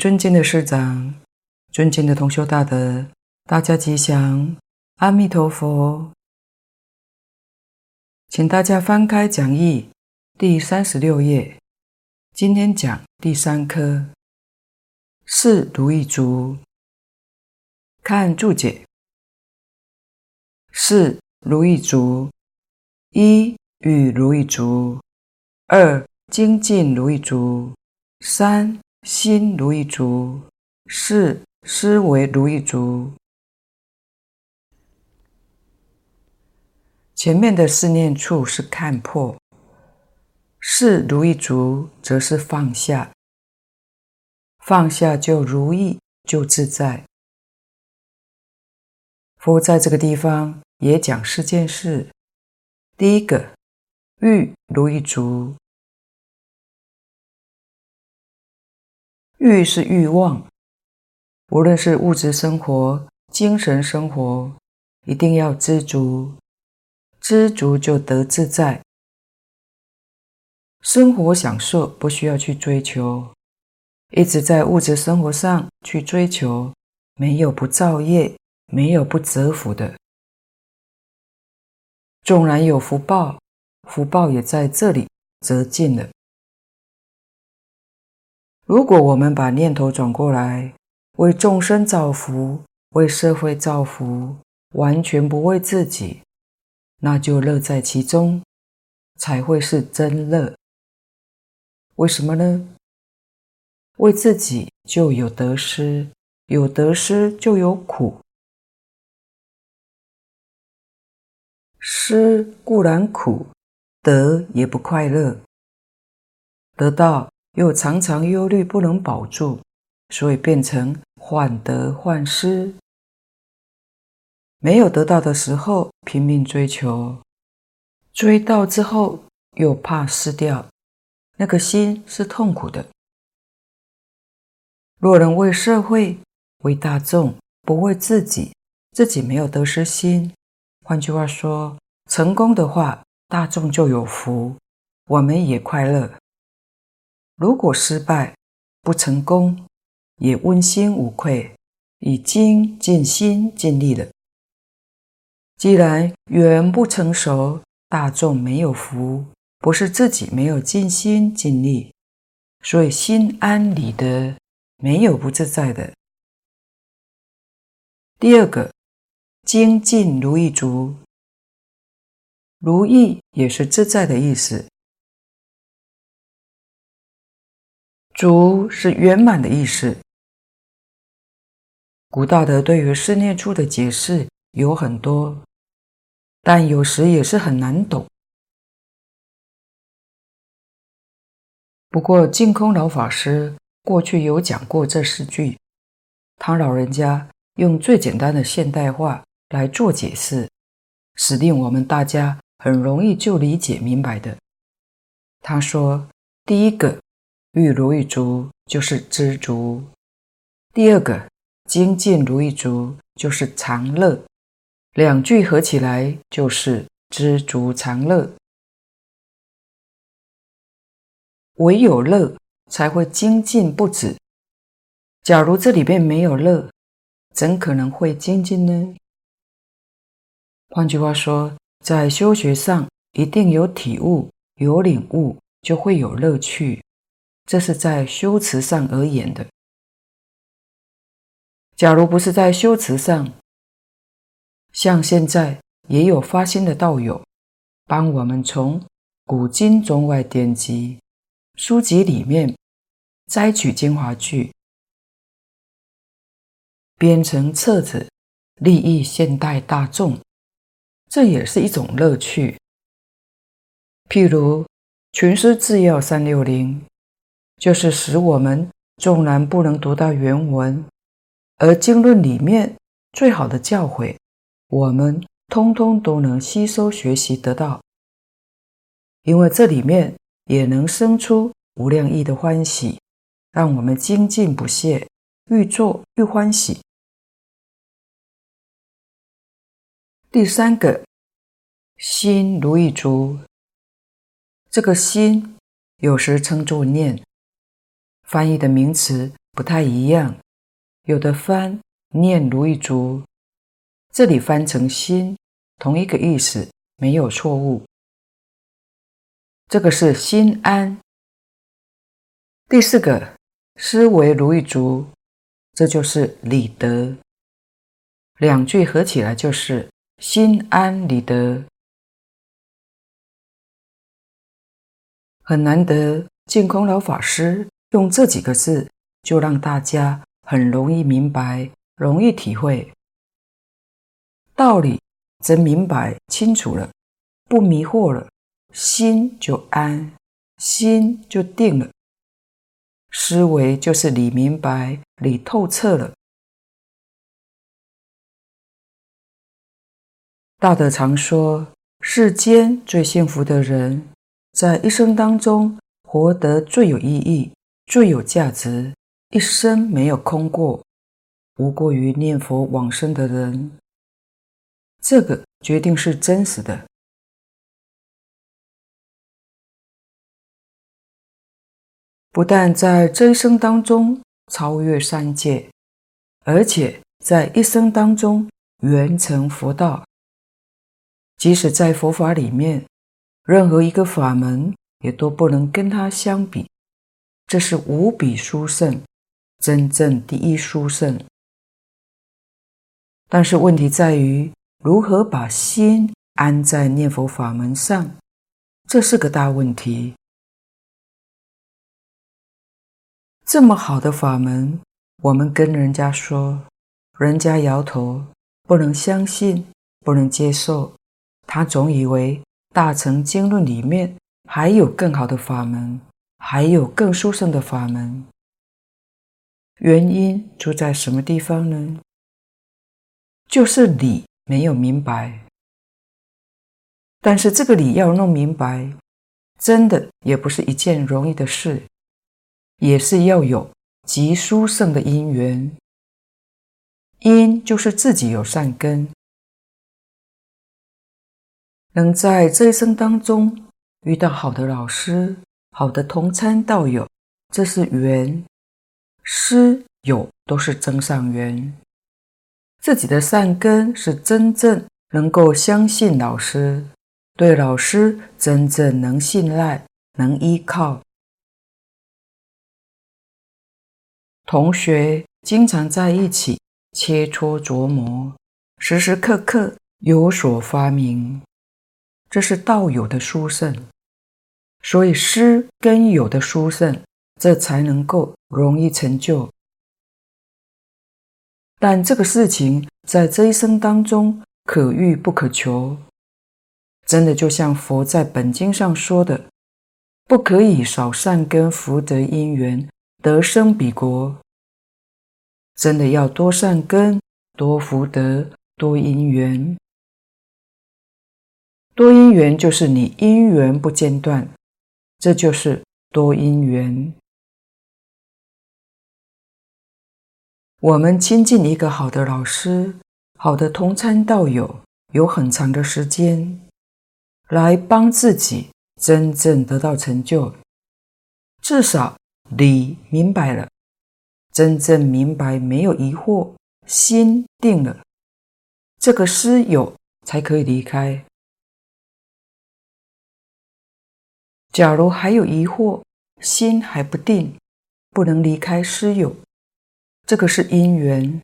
尊敬的師長，尊敬的同修大德，大家吉祥，阿彌陀佛。請大家翻開講義第三十六頁，今天講第三科，四、如意足。看注解：四、如意足：一、欲如意足，二、精進如意足，三、心如意足，是思惟如意足。前面的四念處是看破，四如意足，則是放下。放下就如意，就自在。佛在這個地方也講四件事，第一個，欲如意足。欲是欲望，無論是物質生活、精神生活，一定要知足。知足就得自在，生活享受不需要去追求。一直在物質生活上去追求，沒有不造業，沒有不折福的。縱然有福報，福報也在這裡折盡了。如果我們把念頭轉過來，為眾生造福，為社會造福，完全不為自己，那就樂在其中，才會是真樂。為什麼呢？為自己就有得失，有得失就有苦。失固然苦，得也不快樂。得到。又常常憂慮不能保住，所以變成患得患失。沒有得到的時候，拼命追求，追到之後又怕失掉，那個心是痛苦的。若能為社會、為大眾，不為自己，自己沒有得失心。換句話說，成功的話，大眾就有福，我們也快樂。如果失敗不成功，也問心無愧，已經盡心盡力了。既然緣不成熟，大眾沒有福，不是自己沒有盡心盡力，所以心安理得，沒有不自在的。第二個精進如意足，如意也是自在的意思。足是圓滿的意思。古大德對於四念處的解釋有很多，但有時也是很難懂。不過淨空老法師過去有講過這四句，他老人家用最簡單的現代話來做解釋，使令我們大家很容易就理解明白的。他說，第一個。欲如意足，就是知足；第二個精進如意足，就是常樂。兩句合起來就是知足常樂。唯有樂，才會精進不止。假如這裡邊沒有樂，怎可能會精進呢？換句話說，在修學上，一定有體悟、有領悟，就會有樂趣。這是在修辭上而言的。假如不是在修辭上，像現在也有發心的道友，幫我們從古今中外典籍書籍裡面摘取精華句，編成冊子，利益現代大眾，這也是一種樂趣。譬如《群書治要》三六零。就是使我們縱然不能讀到原文，而經論裡面最好的教誨，我們通通都能吸收學習得到，因為這裡面也能生出無量意的歡喜，讓我們精進不懈，愈做愈歡喜。第三個，心如意足，這個心有時稱作念。翻譯的名詞不太一樣，有的翻念如意足，這裡翻成心，同一個意思，沒有錯誤。這個是心安。第四個思維如意足，這就是理得。兩句合起來就是心安理得，很難得，淨空老法師。用這幾個字，就讓大家很容易明白，容易體會道理，則明白清楚了，不迷惑了，心就安，心就定了，思維就是理明白、理透徹了。大德常說，世間最幸福的人，在一生當中活得最有意義。最有價值，一生沒有空過，無過於念佛往生的人。這個決定是真實的，不但在這一生當中超越三界，而且在一生當中圓成佛道。即使在佛法裡面，任何一個法門也都不能跟他相比。這是無比殊勝，真正第一殊勝。但是問題在於，如何把心安在念佛法門上？這是個大問題。這麼好的法門，我們跟人家說，人家搖頭，不能相信，不能接受。他總以為大乘經論裡面還有更好的法門。還有更殊勝的法門，原因出在什麼地方呢？就是理沒有明白。但是這個理要弄明白，真的也不是一件容易的事，也是要有極殊勝的因緣。因就是自己有善根，能在這一生當中遇到好的老師。好的同參道友，這是緣，師友都是增上緣。自己的善根是真正能夠相信老師，對老師真正能信賴、能依靠。同學經常在一起切磋琢磨，時時刻刻有所發明，這是道友的殊勝。所以，師根有的殊勝，這才能夠容易成就。但這個事情在這一生當中可遇不可求，真的就像佛在本經上說的：“不可以少善根福德因緣得生彼國。”真的要多善根、多福德、多因緣。多因緣就是你因緣不間斷。這就是多因緣。我們親近一個好的老師，好的同參道友，有很長的時間來幫自己真正得到成就。至少你明白了，真正明白沒有疑惑，心定了，這個師友才可以離開。假如還有疑惑，心還不定，不能離開師友，這個是因緣。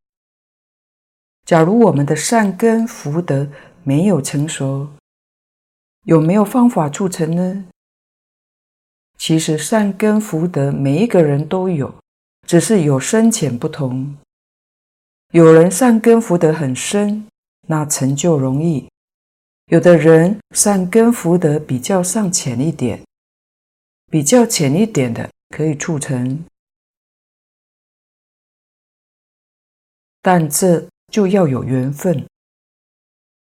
假如我們的善根福德沒有成熟，有沒有方法促成呢？其實善根福德每一個人都有，只是有深淺不同。有人善根福德很深，那成就容易；有的人善根福德比較尚淺一點。比較淺一點的可以促成，但這就要有緣分。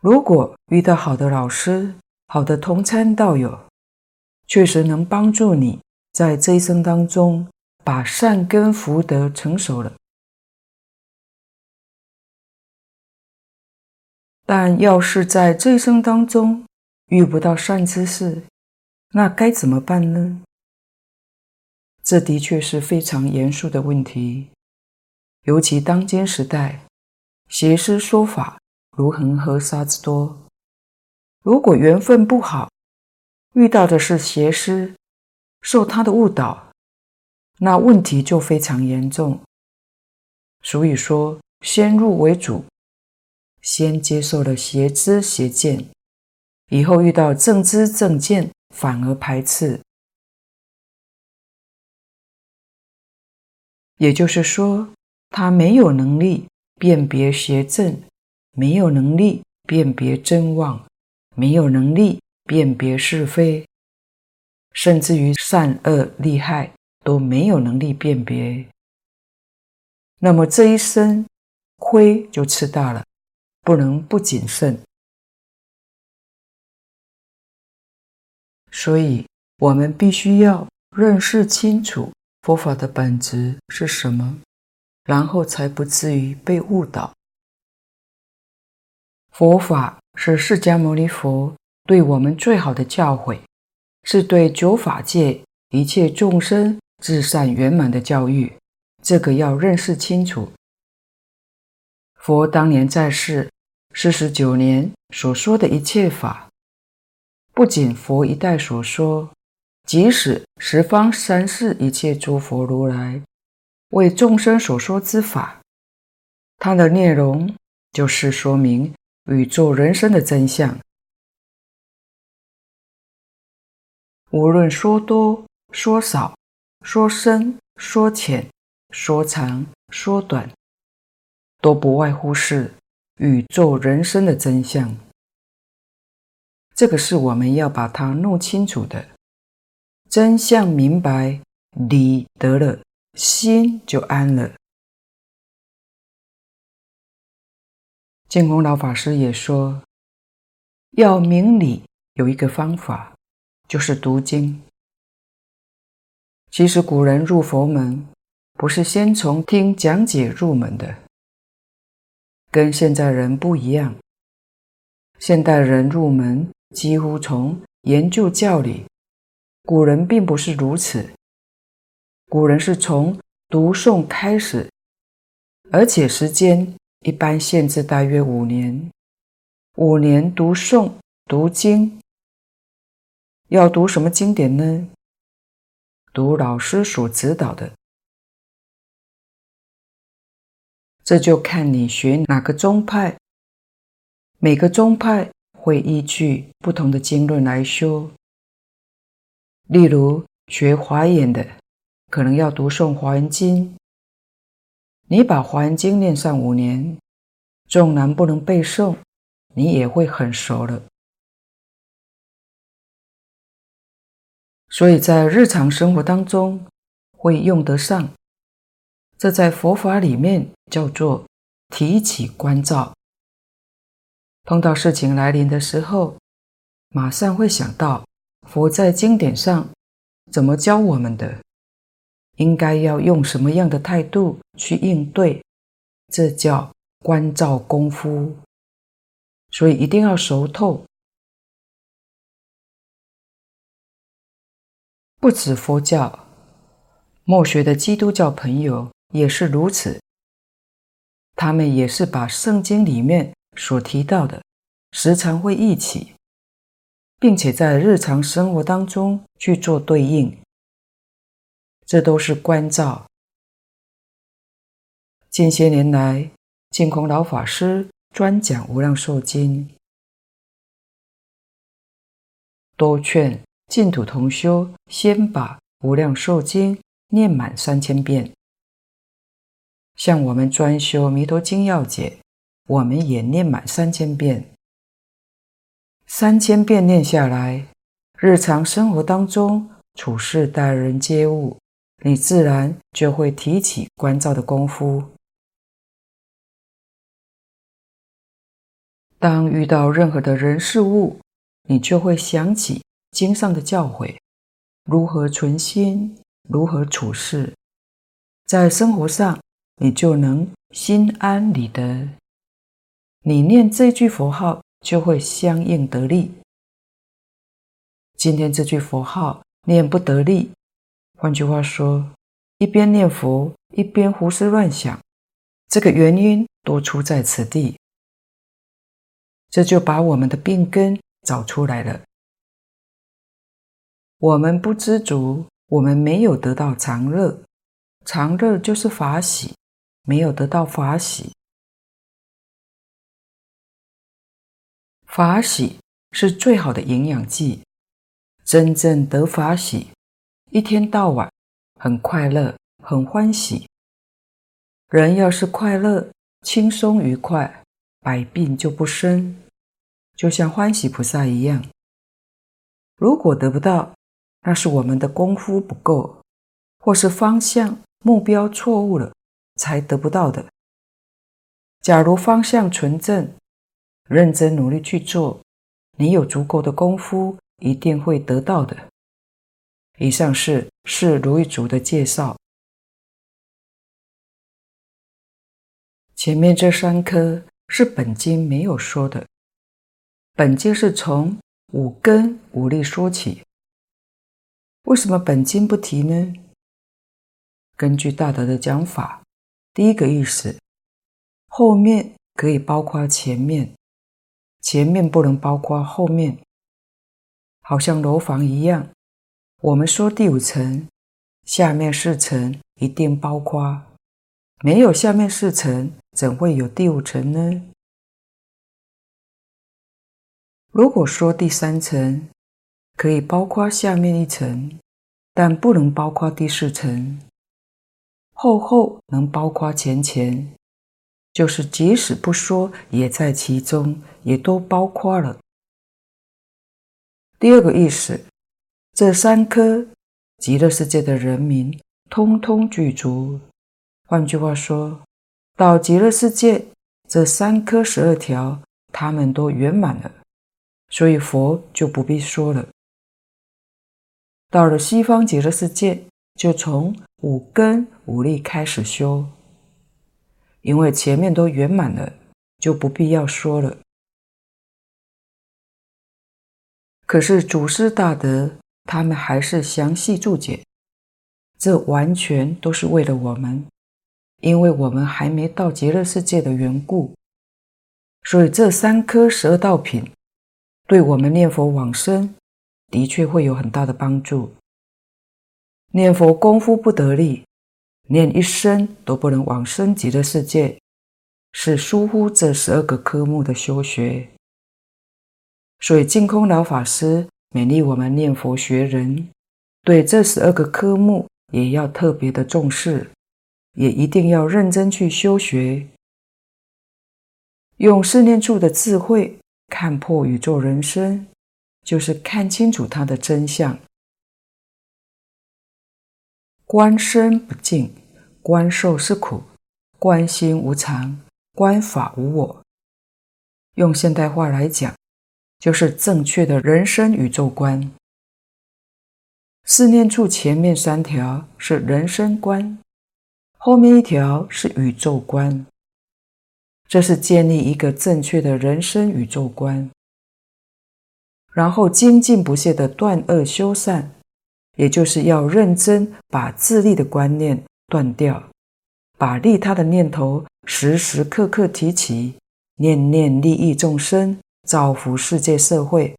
如果遇到好的老師、好的同參道友，確實能幫助你在這一生當中把善根福德成熟了。但要是在這一生當中遇不到善知識，那該怎麼辦呢？這的確是非常嚴肅的問題，尤其當今時代，邪師說法如恆河沙之多。如果緣分不好，遇到的是邪師，受他的誤導，那問題就非常嚴重。所以說，先入為主，先接受了邪知邪見，以後遇到正知正見，反而排斥。也就是說，他沒有能力辨別邪正，沒有能力辨別真妄，沒有能力辨別是非，甚至於善惡利害都沒有能力辨別。那麼這一生，虧就吃大了，不能不謹慎。所以我們必須要認識清楚。佛法的本質是什麼？然後才不至於被誤導。佛法是釋迦牟尼佛對我們最好的教誨，是對九法界一切眾生至善圓滿的教育。這個要認識清楚。佛當年在世四十九年所說的一切法，不僅佛一代所說，即使，十方三世一切諸佛如來為眾生所說之法，它的內容就是說明宇宙人生的真相。無論說多、說少、說深、說淺、說長、說短，都不外乎是宇宙人生的真相。這個是我們要把它弄清楚的。真相明白，理得了，心就安了。淨空老法師也說，要明理有一個方法，就是讀經。其實古人入佛門，不是先從聽講解入門的，跟現在人不一樣。現代人入門幾乎從研究教理。古人並不是如此，古人是從讀誦開始，而且時間一般限制大約五年。五年讀誦讀經，要讀什麼經典呢？讀老師所指導的，這就看你學哪個宗派。每個宗派會依據不同的經論來修。例如學華嚴的，可能要讀誦《華嚴經》。你把《華嚴經》念上五年，縱然不能背誦，你也會很熟了。所以在日常生活當中會用得上。這在佛法裡面叫做提起觀照。碰到事情來臨的時候，馬上會想到。佛在經典上怎麼教我們的？應該要用什麼樣的態度去應對？這叫觀照功夫，所以一定要熟透。不止佛教，末學的基督教朋友也是如此，他們也是把聖經裡面所提到的，時常會一起。並且在日常生活當中去做對應，這都是觀照。近些年來，淨空老法師專講《無量壽經》，多勸淨土同修先把《無量壽經》念滿三千遍。像我們專修《彌陀經要解》，我們也念滿三千遍。三千遍念下來，日常生活當中處事待人接物，你自然就會提起觀照的功夫。當遇到任何的人事物，你就會想起經上的教誨，如何存心，如何處事，在生活上你就能心安理得。你念這句佛號。就會相應得利。今天這句佛號念不得力，換句話說，一邊念佛一邊胡思亂想，這個原因多出在此地。這就把我們的病根找出來了。我們不知足，我們沒有得到常樂，常樂就是法喜，沒有得到法喜。法喜是最好的營養劑，真正得法喜，一天到晚很快樂，很歡喜。人要是快樂、輕鬆、愉快，百病就不生，就像歡喜菩薩一樣。如果得不到，那是我們的功夫不夠，或是方向、目標錯誤了，才得不到的。假如方向純正，認真努力去做，你有足夠的功夫，一定會得到的。以上是是如意足的介紹。前面這三科是本經沒有說的，本經是從五根五力說起。為什麼本經不提呢？根據大德的講法，第一個意思，後面可以包括前面。前面不能包括後面，好像樓房一樣。我們說第五層，下面四層一定包括，沒有下面四層，怎會有第五層呢？如果說第三層，可以包括下面一層，但不能包括第四層。後後能包括前前，就是即使不說也在其中，也都包括了。第二個意思，這三科極樂世界的人民通通具足。換句話說，到極樂世界，這三科十二條，他們都圓滿了，所以佛就不必說了。到了西方極樂世界，就從五根五力開始修，因為前面都圓滿了，就不必要說了。可是祖師大德他們還是詳細注解，這完全都是為了我們，因為我們還沒到極樂世界的緣故，所以這三科十二道品對我們念佛往生的確會有很大的幫助。念佛功夫不得力，念一生都不能往生極樂世界，是疏忽這十二個科目的修學。所以，淨空老法師勉勵我們念佛學人，對這十二個科目也要特別的重視，也一定要認真去修學，用四念處的智慧看破宇宙人生，就是看清楚它的真相。觀身不淨，觀受是苦，觀心無常，觀法無我。用現代話來講。就是正確的人生宇宙觀。四念處前面三條是人生觀，後面一條是宇宙觀。這是建立一個正確的人生宇宙觀，然後精進不懈的斷惡修善，也就是要認真把自利的觀念斷掉，把利他的念頭時時刻刻提起，念念利益眾生。造福世界社會，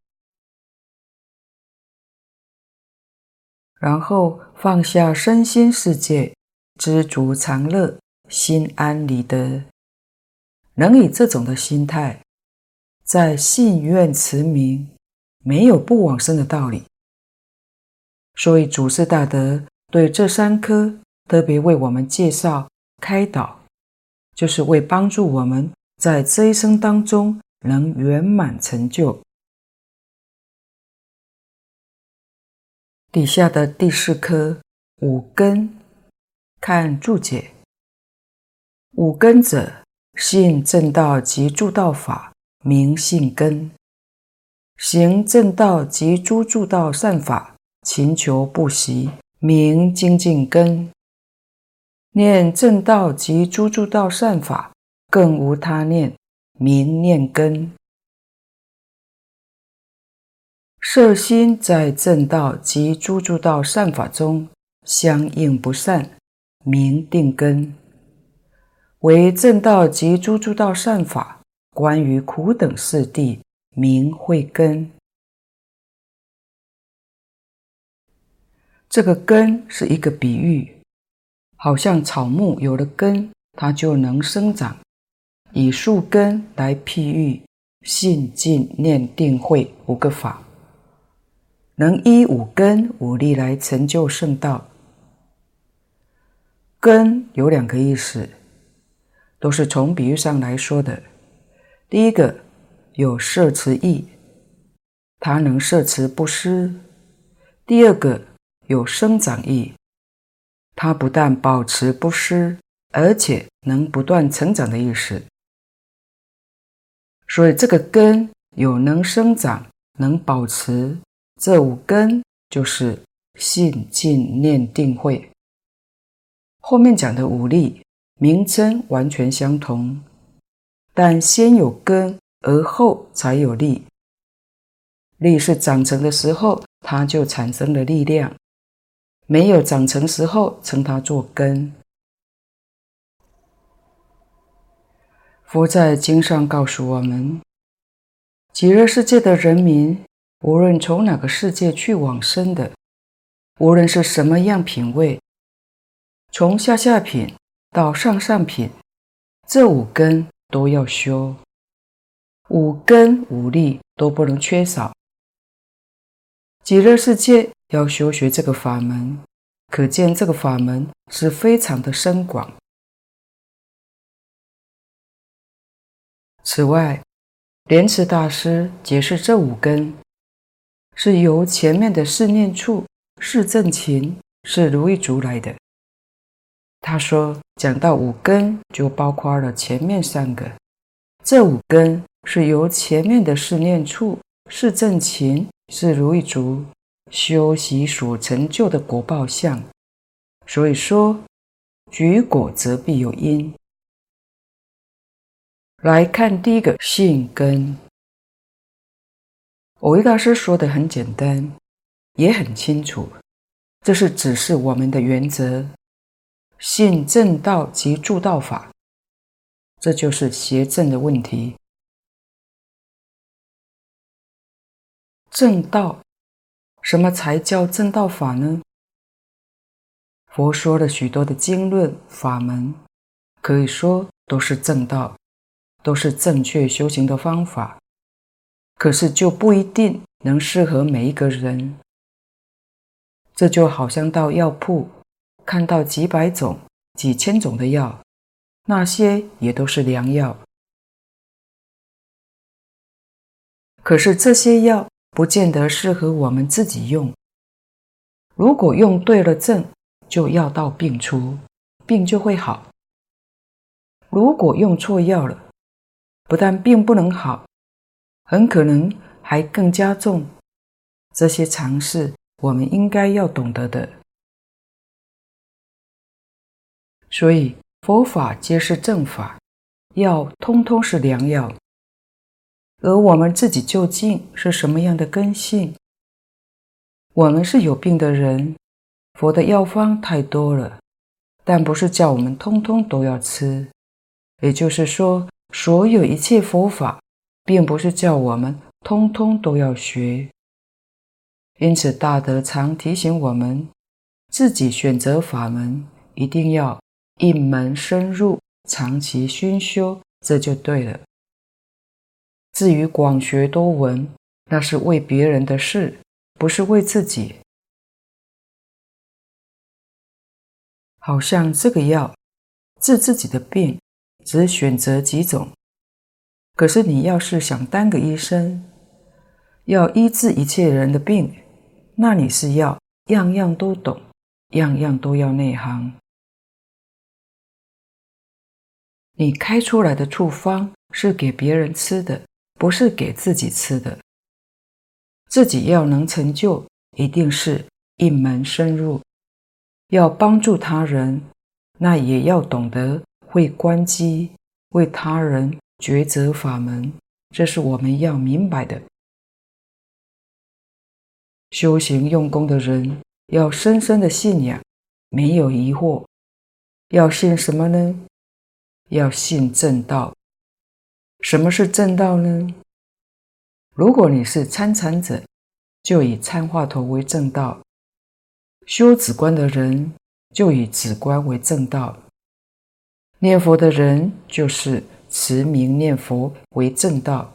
然後放下身心世界，知足常樂，心安理得，能以這種的心態，在信願持名，沒有不往生的道理。所以，祖師大德對這三科特別為我們介紹開導，就是為幫助我們在這一生當中。能圓滿成就。底下的第四科五根，看注解。五根者，信正道及助道法，名信根；行正道及諸助道善法，勤求不息，名精進根；念正道及諸助道善法，更無他念。明念根，攝心在正道及諸諸道善法中，相應不散，明定根；為正道及諸諸道善法，關於苦等四諦，明慧根。這個根是一個比喻，好像草木有了根，它就能生長。以樹根來譬喻信、進、念、定、慧五個法，能依五根五力來成就聖道。根有兩個意思，都是從比喻上來說的。第一個有攝持意，它能攝持不失；第二個有生長意，它不但保持不失，而且能不斷成長的意思。所以這個根有能生長、能保持。這五根就是信、進、念、定、慧。後面講的五力名稱完全相同，但先有根，而後才有力。力是長成的時候，它就產生了力量；沒有長成時候，稱它做根。佛在經上告訴我們，極樂世界的人民，無論從哪個世界去往生的，無論是什麼樣品位，從下下品到上上品，這五根都要修，五根五力都不能缺少。極樂世界要修學這個法門，可見這個法門是非常的深廣。此外，蓮池大師解釋這五根是由前面的四念處、四正勤、四如意足來的。他說，講到五根，就包括了前面三個。這五根是由前面的四念處、四正勤、四如意足修習所成就的果報相。所以說，舉果則必有因。來看第一個信根。蕅益大師說的很簡單，也很清楚，這是指示我們的原則。信正道及助道法，這就是邪正的問題。正道，什麼才叫正道法呢？佛說了許多的經論法門，可以說都是正道。都是正確修行的方法，可是就不一定能適合每一個人。這就好像到藥鋪看到幾百種、幾千種的藥，那些也都是良藥，可是這些藥不見得適合我們自己用。如果用對了症，就藥到病除，病就會好；如果用錯藥了，不但病不能好，很可能還更加重。這些常識，我們應該要懂得的。所以，佛法皆是正法，藥通通是良藥。而我們自己究竟是什麼樣的根性？我們是有病的人。佛的藥方太多了，但不是叫我們通通都要吃。也就是說，所有一切佛法，並不是叫我們通通都要學。因此，大德常提醒我們，自己選擇法門，一定要一門深入，長期熏修，這就對了。至於廣學多聞，那是為別人的事，不是為自己。好像這個藥治自己的病。只選擇幾種，可是你要是想當個醫生，要醫治一切人的病，那你是要樣樣都懂，樣樣都要內行。你開出來的處方是給別人吃的，不是給自己吃的。自己要能成就，一定是一門深入；要幫助他人，那也要懂得。會觀機，為他人抉擇法門，這是我們要明白的。修行用功的人要深深的信仰，沒有疑惑。要信什麼呢？要信正道。什麼是正道呢？如果你是參禪者，就以參話頭為正道；修止觀的人，就以止觀為正道。念佛的人就是持名念佛為正道。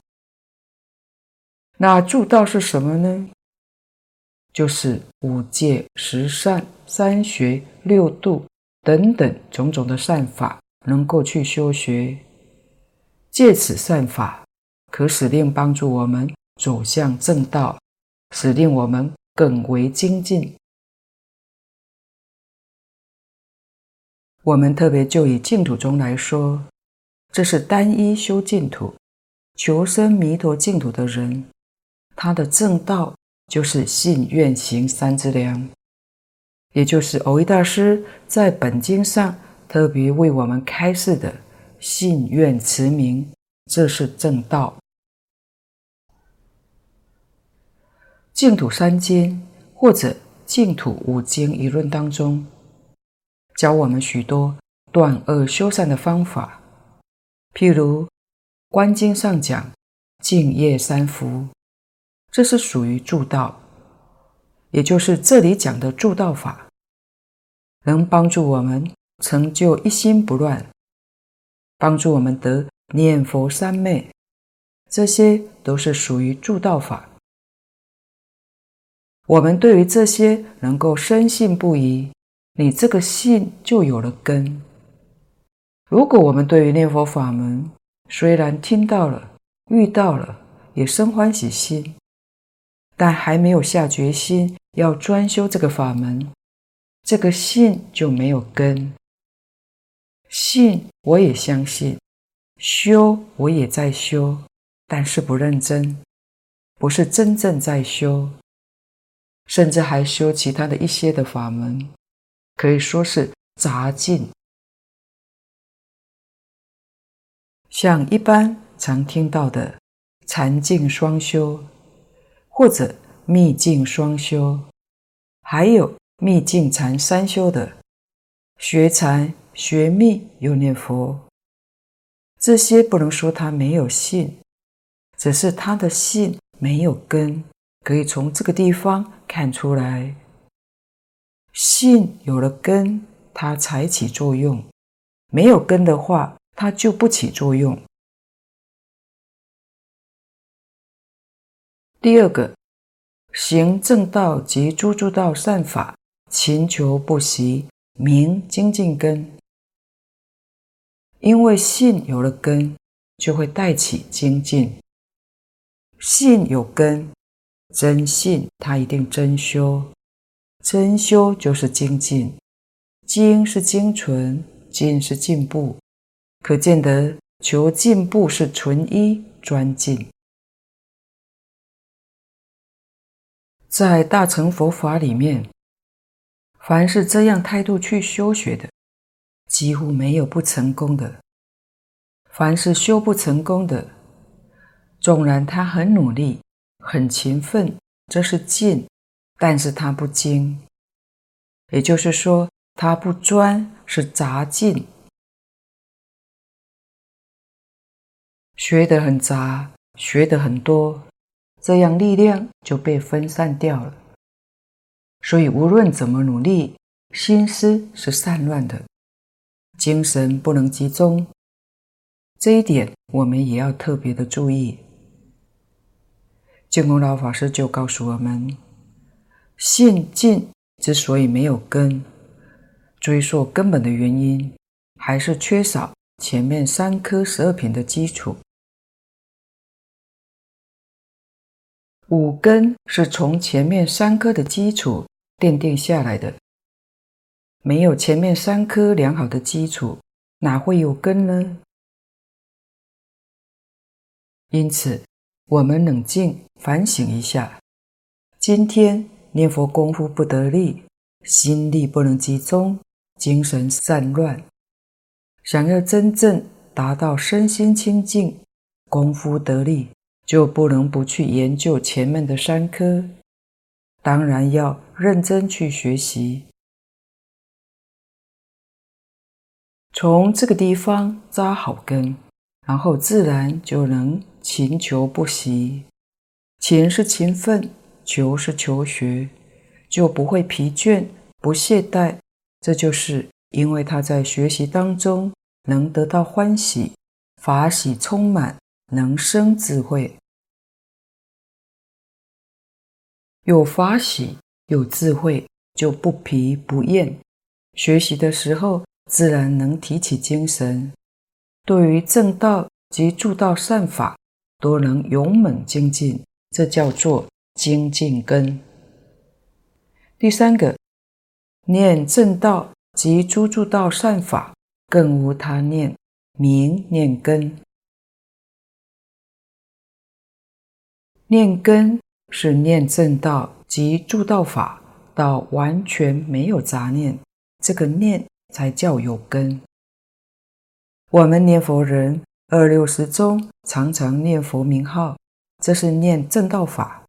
那助道是什麼呢？就是五戒、十善、三學、六度等等種種的善法，能夠去修學。借此善法，可使令幫助我們走向正道，使令我們更為精進。我們特別就以淨土宗來說，這是單一修淨土、求生彌陀淨土的人，他的正道就是信願行三資糧，也就是藕益大師在本經上特別為我們開示的信願持名，這是正道。淨土三經或者淨土五經一論當中，教我們許多斷惡修善的方法，譬如《觀經》上講“淨業三福”，這是屬於助道，也就是這裡講的助道法，能幫助我們成就一心不亂，幫助我們得念佛三昧，這些都是屬於助道法。我們對於這些能夠深信不疑，你這個信就有了根。如果我們對於念佛法門，雖然聽到了、遇到了，也生歡喜心，但還沒有下決心要專修這個法門，這個信就沒有根。信我也相信，修我也在修，但是不認真，不是真正在修，甚至還修其他的一些的法門。可以說是雜進，像一般常聽到的禪淨雙修，或者密淨雙修，還有密淨禪三修的，學禪學密有念佛，這些不能說他沒有信，只是他的信沒有根，可以從這個地方看出來。信有了根，它才起作用；沒有根的話，它就不起作用。第二個，行正道及諸、諸助道善法，勤求不息，名精進根。因為信有了根，就會帶起精進；信有根，真信，它一定真修。真修就是精進，精是精純，進是進步，可見得求進步是純一專進。在大乘佛法裡面，凡是這樣態度去修學的，幾乎沒有不成功的。凡是修不成功的，縱然他很努力、很勤奮，這是進。但是他不精，也就是說，他不專，是雜進，學的很雜，學的很多，這樣力量就被分散掉了。所以，無論怎麼努力，心思是散亂的，精神不能集中。這一點，我們也要特別的注意。淨空老法師就告訴我們。信進之所以沒有根，追溯根本的原因，還是缺少前面三科十二品的基礎。五根是從前面三科的基礎奠定，定下來的，沒有前面三科良好的基礎，哪會有根呢？因此，我們冷靜反省一下，今天。念佛功夫不得力，心力不能集中，精神散亂。想要真正達到身心清淨、功夫得力，就不能不去研究前面的三科，當然要認真去學習，從這個地方扎好根，然後自然就能勤求不息。勤是勤奮。求是求學，就不會疲倦，不懈怠。這就是因為他在學習當中能得到歡喜、法喜充滿，能生智慧。有法喜、有智慧，就不疲不厭。學習的時候自然能提起精神，對於正道及助道善法，都能勇猛精進。這叫做精進根。第三個，念正道及諸助道善法，更無他念，名念根。念根是念正道及助道法，到完全沒有雜念，這個念才叫有根。我們念佛人二六時中常常念佛名號，這是念正道法。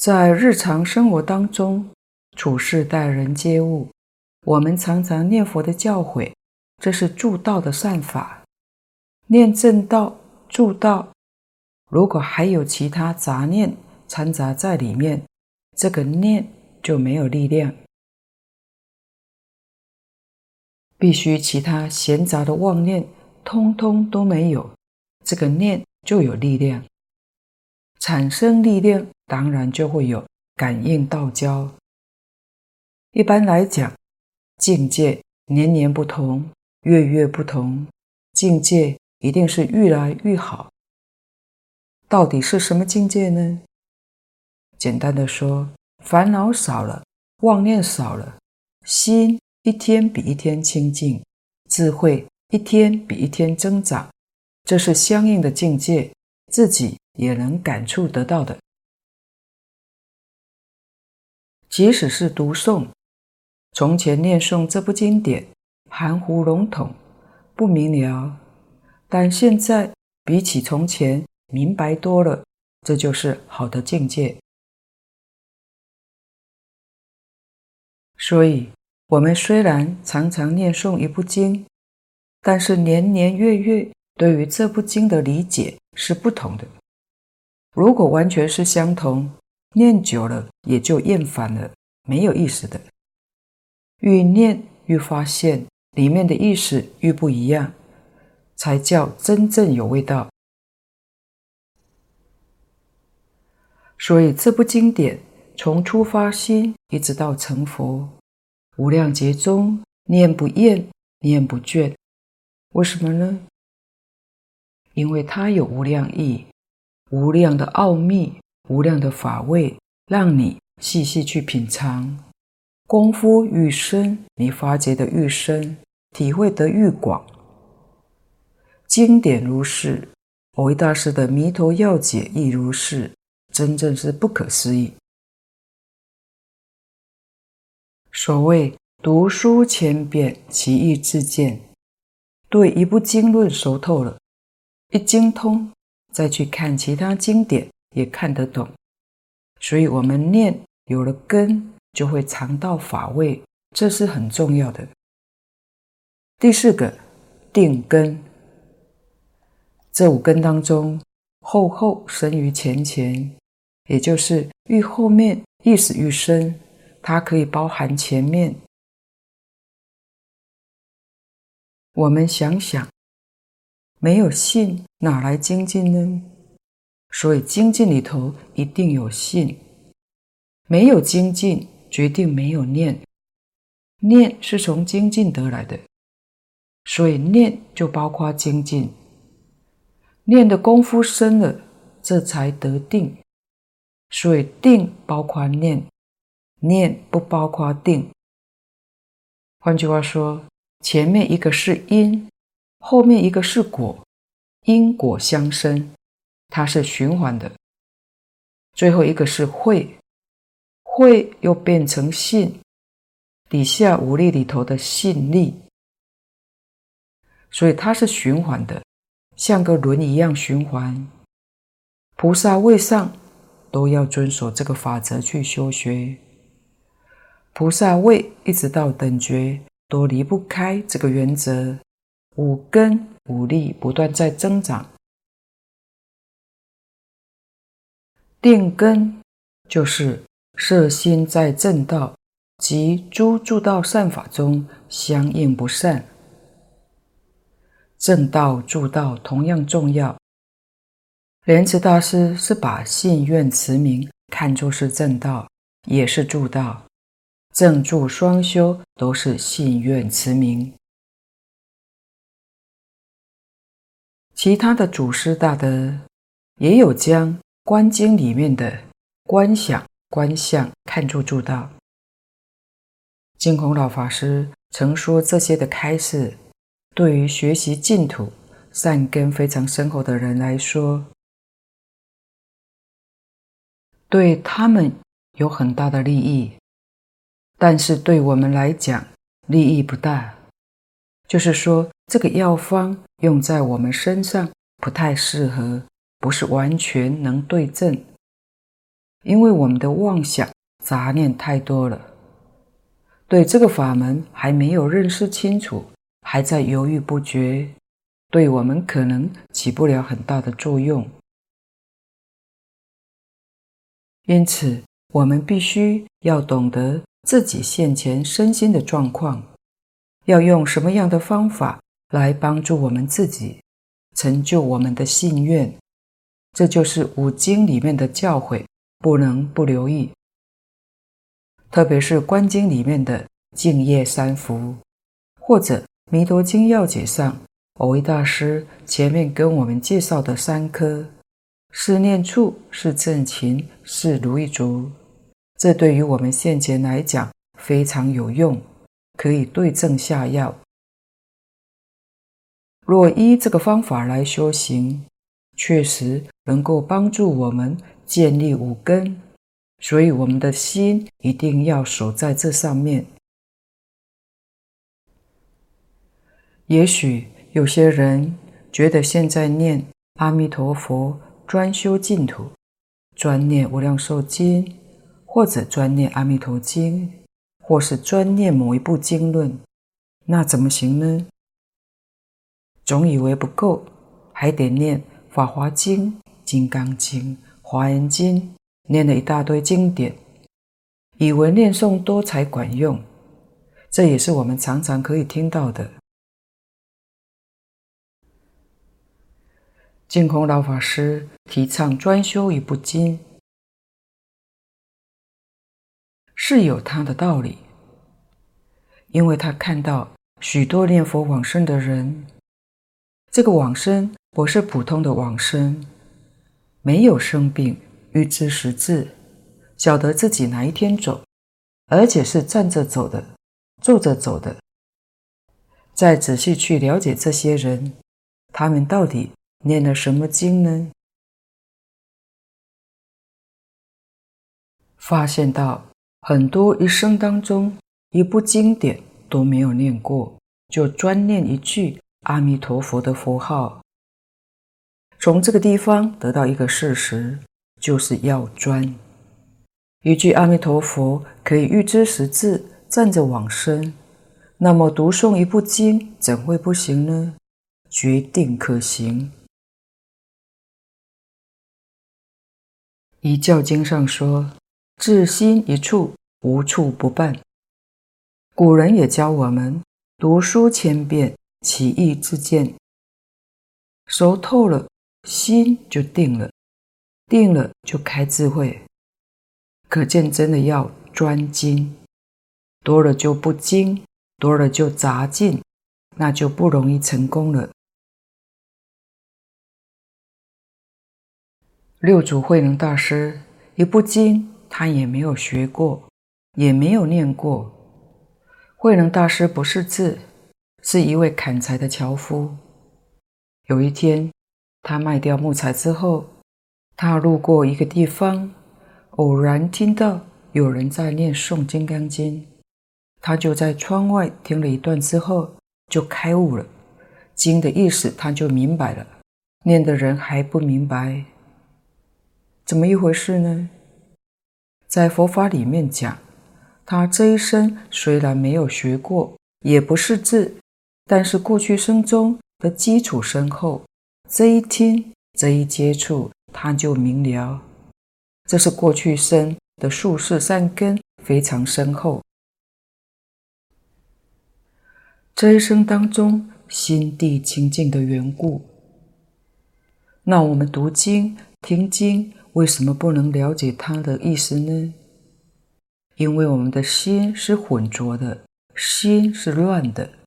在日常生活當中，處事待人接物，我們常常念佛的教誨，這是助道的善法。念正道助道，如果還有其他雜念摻雜在裡面，這個念就沒有力量。必須其他閒雜的妄念通通都沒有，這個念就有力量，產生力量。當然就會有感應道交。一般來講，境界年年不同，月月不同，境界一定是愈來愈好。到底是什麼境界呢？簡單的說，煩惱少了，妄念少了，心一天比一天清淨，智慧一天比一天增長，這是相應的境界，自己也能感觸得到的。即使是讀誦，從前念誦這部經典含糊籠統，不明了；但現在比起從前明白多了，這就是好的境界。所以，我們雖然常常念誦一部經，但是年年月月對於這部經的理解是不同的。如果完全是相同，念久了也就厭煩了，沒有意思的。越念越發現裡面的意思越不一樣，才叫真正有味道。所以這部經典從初發心一直到成佛，無量劫中念不厭，念不倦。為什麼呢？因為它有無量意，無量的奧秘。無量的法味，讓你細細去品嘗。功夫愈深，你發覺得愈深，體會得愈廣。經典如是，蕅益大師的彌陀要解亦如是，真正是不可思議。所謂讀書千遍，其義自見。對一部經論熟透了，一精通，再去看其他經典。也看得懂，所以我們念有了根，就會嘗到法味，這是很重要的。第四個，定根。這五根當中，後後生於前前，也就是愈後面意識愈深，它可以包含前面。我們想想，沒有信，哪來精進呢？所以精進裡頭一定有信，沒有精進決定沒有念，念是從精進得來的，所以念就包括精進，念的功夫深了，這才得定，所以定包括念，念不包括定。換句話說，前面一個是因，後面一個是果，因果相生。它是循環的，最後一個是慧，慧又變成信，底下五力裡頭的信力，所以它是循環的，像個輪一樣循環。菩薩位上都要遵守這個法則去修學，菩薩位一直到等覺都離不開這個原則，五根五力不斷在增長。定根就是攝心在正道，及諸助道善法中相應不散。正道、助道同樣重要。蓮池大師是把信願持名看作是正道，也是助道，正助雙修都是信願持名。其他的祖師大德也有將觀經裡面的觀想、觀相、看出主道，淨空老法師曾說，這些的開示對於學習淨土、善根非常深厚的人來說，對他們有很大的利益；但是對我們來講，利益不大，就是說這個藥方用在我們身上不太適合。不是完全能對症，因為我們的妄想雜念太多了，對這個法門還沒有認識清楚，還在猶豫不決，對我們可能起不了很大的作用。因此，我們必須要懂得自己現前身心的狀況，要用什麼樣的方法來幫助我們自己，成就我們的信願。這就是五經裡面的教誨，不能不留意。特別是觀經裡面的淨業三福，或者彌陀經要解上，蕅益大師前面跟我們介紹的三科，是念處，是正勤，是如意足。這對於我們現前來講非常有用，可以對症下藥。若依這個方法來修行，確實能夠幫助我們建立五根，所以我們的心一定要守在這上面。也許有些人覺得現在念阿彌陀佛專修淨土，專念無量壽經，或者專念阿彌陀經，或是專念某一部經論，那怎麼行呢？總以為不夠，還得念。《法華經》《金剛經》《華嚴經》念了一大堆經典，以為念誦多才管用，這也是我們常常可以聽到的。淨空老法師提倡專修一部經，是有他的道理，因為他看到許多念佛往生的人，這個往生。我是普通的往生，沒有生病，預知時至，曉得自己哪一天走，而且是站着走的，坐着走的。再仔細去了解這些人，他們到底念了什麼經呢？發現到很多一生當中一部經典都沒有念過，就專念一句阿彌陀佛的佛號。從這個地方得到一個事實，就是要專。一句阿彌陀佛可以預知時至，站着往生。那麼讀誦一部經，怎會不行呢？決定可行。《遺教經》上說：“至心一處，無處不辦。”古人也教我們：“讀書千遍，其義自見。”熟透了。心就定了，定了就開智慧。可見，真的要專精，多了就不精，多了就雜進，那就不容易成功了。六祖慧能大師也不精，他也沒有學過，也沒有念過。慧能大師不識字，是一位砍柴的樵夫。有一天，他賣掉木材之後，他路過一個地方，偶然聽到有人在念誦《金剛經》，他就在窗外聽了一段之後，就開悟了。經的意思他就明白了，念的人還不明白，怎麼一回事呢？在佛法裡面講，他這一生雖然沒有學過，也不識字，但是過去生中的基礎深厚。這一聽，這一接觸，他就明了，這是過去生的宿世善根，非常深厚。這一生當中，心地清淨的緣故。那我們讀經、聽經，為什麼不能了解他的意思呢？因為我們的心是渾濁的，心是亂的。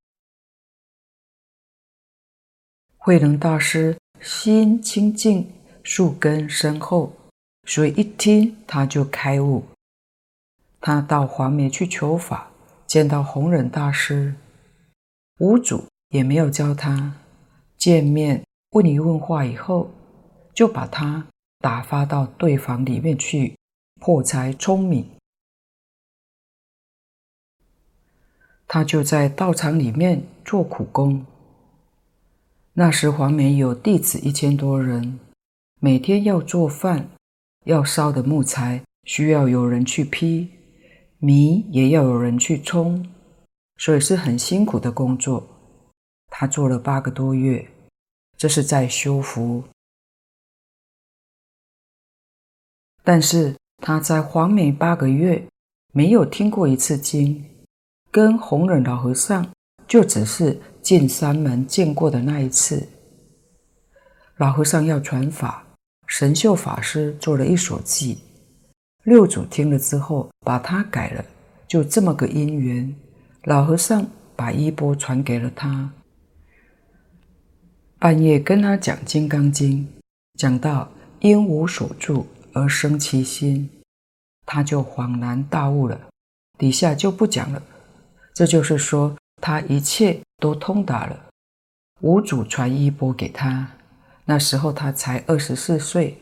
慧能大師心清淨，樹根深厚，所以一聽他就開悟。他到黃梅去求法，見到弘忍大師，五祖也沒有教他。見面問一問話以後，就把他打發到碓房裡面去破柴舂米。他就在道場裡面做苦工。那時黃梅有弟子一千多人，每天要做飯，要燒的木材需要有人去劈，米也要有人去舂，所以是很辛苦的工作。他做了八個多月，這是在修福。但是他在黃梅八個月，沒有聽過一次經，跟弘忍老和尚就只是。進山門見過的那一次，老和尚要傳法，神秀法師做了一首偈，六祖聽了之後把他改了，就這麼個因緣，老和尚把衣缽傳給了他。半夜跟他講《金剛經》，講到應無所住而生其心，他就恍然大悟了。底下就不講了，這就是說。他一切都通達了，五祖傳衣缽給他，那時候他才二十四歲。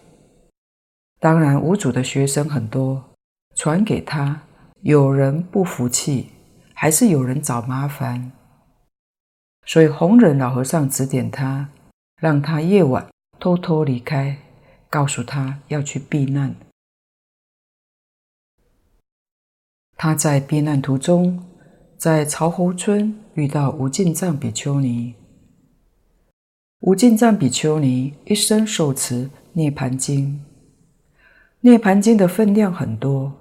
當然，五祖的學生很多，傳給他，有人不服氣，還是有人找麻煩，所以弘忍老和尚指點他，讓他夜晚偷偷離開，告訴他要去避難。他在避難途中。在曹侯村遇到無盡藏比丘尼，無盡藏比丘尼一生手持《涅槃經》，《涅槃經》的分量很多，《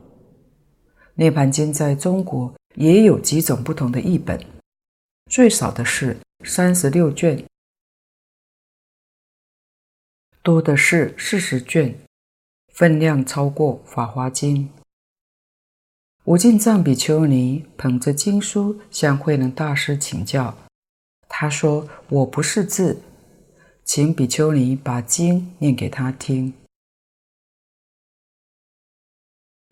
涅槃經》在中國也有幾種不同的譯本，最少的是三十六卷，多的是四十卷，分量超過《法華經》。.無盡藏比丘尼捧着經書向慧能大師請教，他說：“我不識字，請比丘尼把經念給他聽。”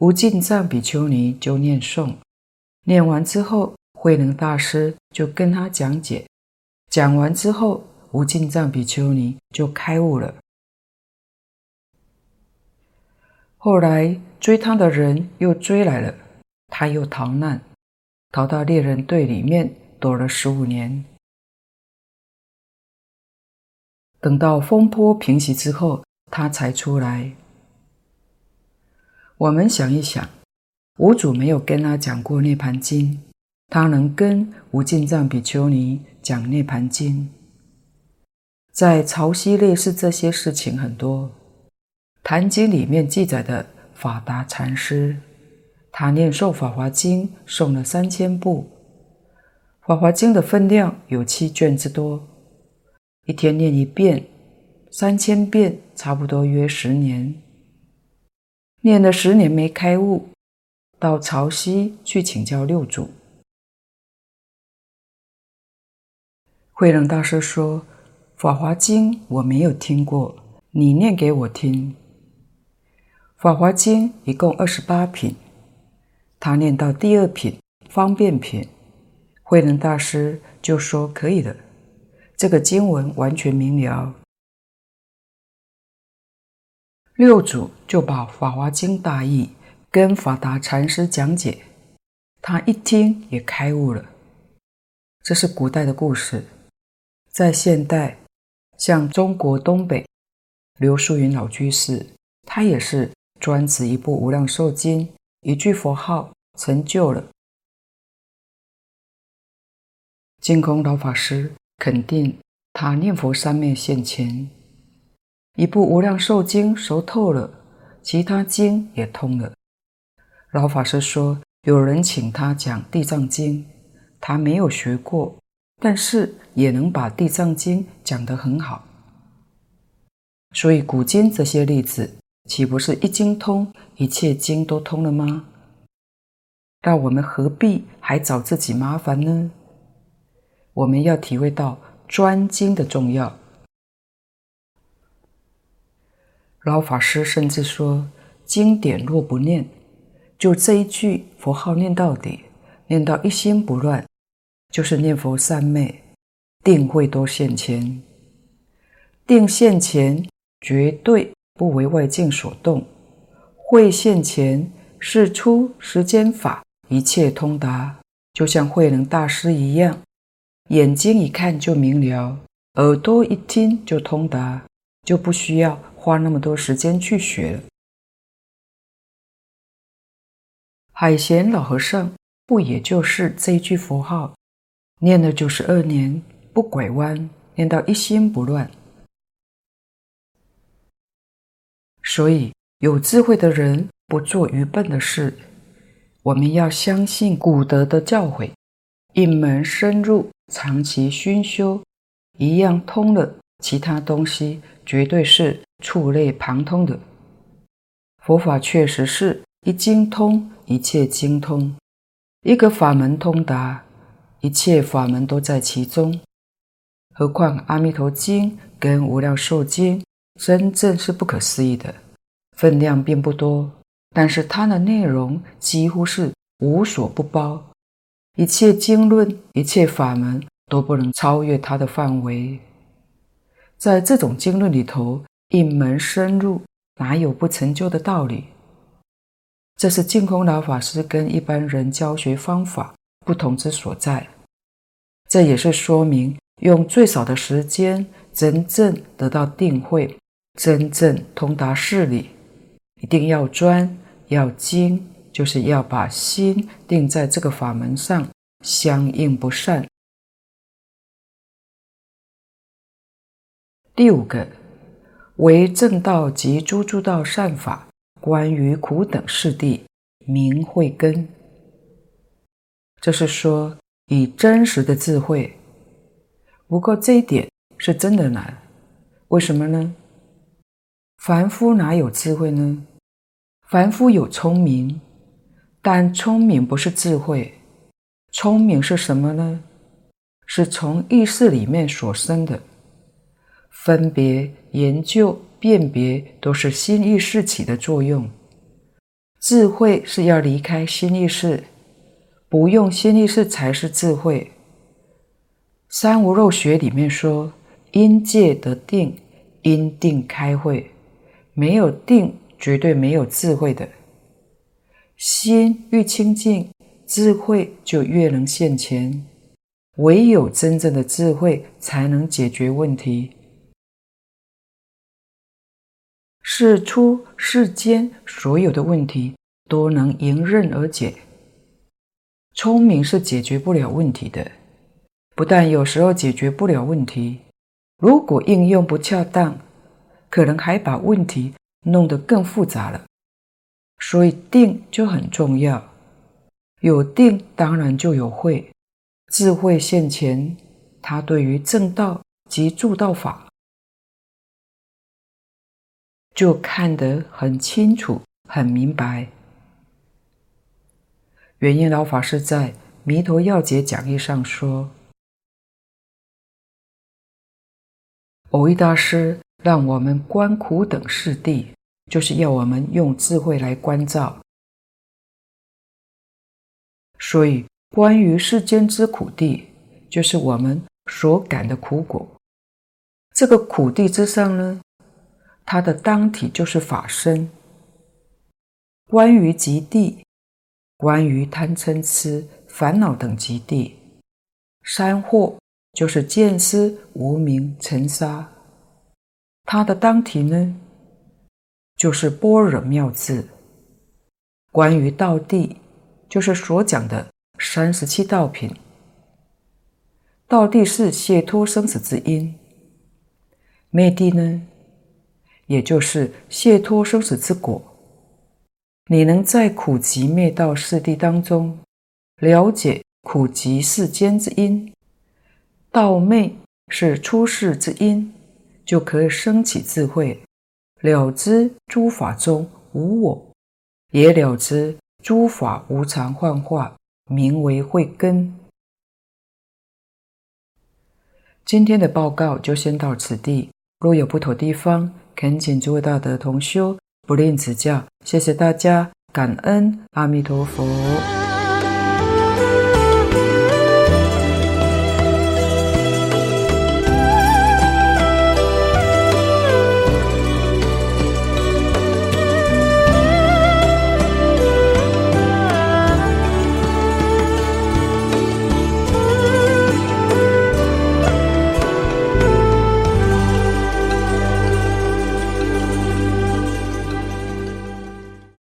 無盡藏比丘尼就念誦，念完之後，慧能大師就跟他講解，講完之後，無盡藏比丘尼就開悟了。後來追他的人又追來了。他又逃難，逃到獵人隊裡面躲了十五年。等到風波平息之後，他才出來。我們想一想，五祖沒有跟他講過《涅槃經》，他能跟無盡藏比丘尼講《涅槃經》？在潮汐類似這些事情很多，《壇經》裡面記載的法達禪師。他念誦《法華經》，誦了三千部，《法華經》的分量有七卷之多，一天念一遍，三千遍，差不多約十年。念了十年沒開悟，到曹溪去請教六祖。慧能大師說：“《法華經》我沒有聽過，你念給我聽。”《法華經》一共二十八品。他念到第二品方便品，慧能大師就說：“可以的，這個經文完全明了。”六祖就把《法華經》大意跟法達禪師講解，他一聽也開悟了。這是古代的故事，在現代，像中國東北劉素雲老居士，他也是專指一部《無量壽經》。一句佛號成就了。淨空老法師肯定他念佛三昧現前，一部《無量壽經》熟透了，其他經也通了。老法師說，有人請他講《地藏經》，他沒有學過，但是也能把《地藏經》講得很好。所以古今這些例子。豈不是一經通，一切經都通了嗎？那我們何必還找自己麻煩呢？我們要體會到專精的重要。老法師甚至說，經典若不念，就這一句佛號念到底，念到一心不亂，就是念佛三昧，定會多現前。定現前絕對。不為外境所動，慧現前世出世間法，一切通達，就像慧能大師一樣，眼睛一看就明了，耳朵一聽就通達，就不需要花那麼多時間去學了。海賢老和尚不也就是這句佛號，念了九十二年，不拐彎，念到一心不亂。所以，有智慧的人不做愚笨的事。我們要相信古德的教誨，一門深入，長期熏修，一樣通了，其他東西絕對是觸類旁通的。佛法確實是一經通，一切經通，一個法門通達，一切法門都在其中。何況《阿彌陀經》跟《無量壽經》。真正是不可思議的，分量並不多，但是它的內容幾乎是無所不包，一切經論、一切法門都不能超越它的範圍。在這種經論裡頭，一門深入，哪有不成就的道理？這是淨空老法師跟一般人教學方法不同之所在。這也是說明用最少的時間，真正得到定慧。真正通達事理，一定要專，要精，就是要把心定在這個法門上，相應不善。第五個，為正道及諸助道善法，關於苦等四諦，名慧根。這是說以真實的智慧。不過這一點是真的難，為什麼呢？凡夫哪有智慧呢？凡夫有聰明，但聰明不是智慧。聰明是什麼呢？是從意識裡面所生的，分別、研究、辨別，都是心意識起的作用。智慧是要離開心意識，不用心意識才是智慧。《三無漏學》裡面說：“因戒得定，因定開慧。”沒有定，絕對沒有智慧的。心越清淨，智慧就越能現前。唯有真正的智慧，才能解決問題。世出世間所有的問題，都能迎刃而解。聰明是解決不了問題的，不但有時候解決不了問題，如果應用不恰當。可能還把問題弄得更複雜了，所以定就很重要。有定當然就有慧，智慧現前，他對於正道及助道法就看得很清楚、很明白。圓瑛老法師在《彌陀要解》講義上說，蕅益大師。讓我們觀苦等世地，就是要我們用智慧來觀照。所以，關於世間之苦地，就是我們所感的苦果。這個苦地之上呢，它的當體就是法身。關於極地，關於貪嗔癡、煩惱等極地，三惑就是見思、無明、塵沙。它的當體呢，就是般若妙智。關於道諦，就是所講的三十七道品。道諦是解脫生死之因，滅諦呢，也就是解脫生死之果。你能在苦集滅道四諦當中，了解苦集世間之因，道滅是出世之因，就可以生起智慧，了知諸法中無我，也了知諸法無常幻化，名為慧根。今天的報告就先到此地，若有不妥地方，懇請諸位大德同修不吝指教。謝謝大家，感恩阿彌陀佛。